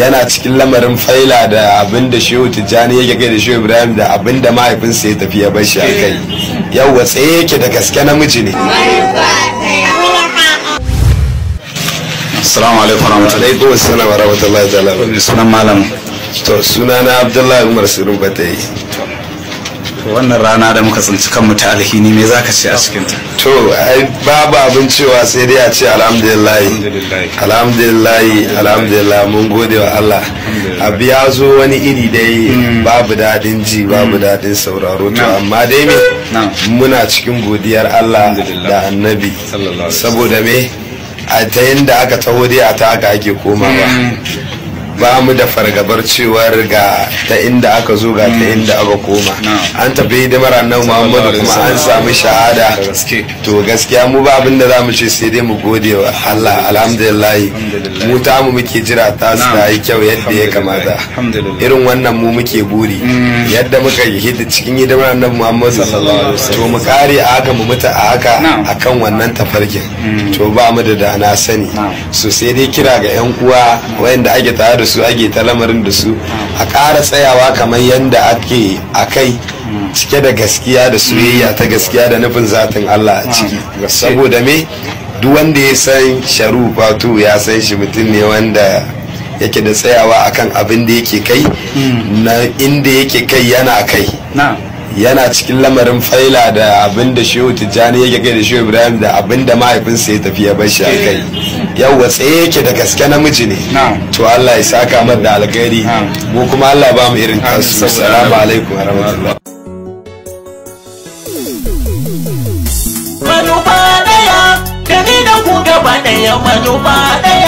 yana cikin lamarin faila da abin da shehu tijjani yake kai da shehu ibrahim da abin da mahaifinsa ya tafi ya bar shi a kai yawwa tsaye yake da gaske namiji ne assalamu alaikum warahmatullahi alaikum assalam warahmatullahi ta'ala sunan malam to sunana abdullahi umar sirrin batayi wannan rana da muka tsinci kanmu ta alhini me ka ce a cikin ta to babu abin cewa sai dai a ce alhamdulillah alhamdulillah alhamdulillah mun gode wa Allah abu ya zo wani iri dai hmm. babu dadin ji babu hmm. dadin sauraro to amma dai me muna cikin godiyar Allah da annabi saboda me a ta da aka taho dai a ta aka ake komawa hmm. ba mu da fargabar cewar ga ta inda aka zo ga ta inda aka koma an tafi hidimar nan muhammadu kuma an samu shahada to gaskiya mu ba abin za mu ce sai dai mu gode wa allah alhamdulillah mu ta mu muke jira ta su ta yi kyau yadda ya kamata irin wannan mu muke buri mm. yadda muka yi cikin hidimar nan muhammadu to mu kare a haka mu mutu a haka a kan wannan tafarkin mm. to ba mu da dana sani so sai dai kira ga yan uwa wayanda ake tare da su ake ta lamarin da su a ƙara tsayawa kamar yadda ake a kai cike da gaskiya da soyayya ta gaskiya da nufin zatin Allah a ciki saboda me duk wanda ya san sharu fatu ya san shi mutum ne wanda yake da tsayawa akan abin da yake kai hmm. na inda yake kai yana kai yana cikin lamarin faila da abin da shehu tijjani yake kai da shehu ibrahim da abin da mahaifinsa ya tafi ya bar shi a eh. kai yawwa tsaye yake da gaske namiji ne to allah ya saka mar da alkhairi mu kuma allah ba mu irin tasu salamu alaikum warahmatullahi manufa daya da ni da ku gaba daya manufa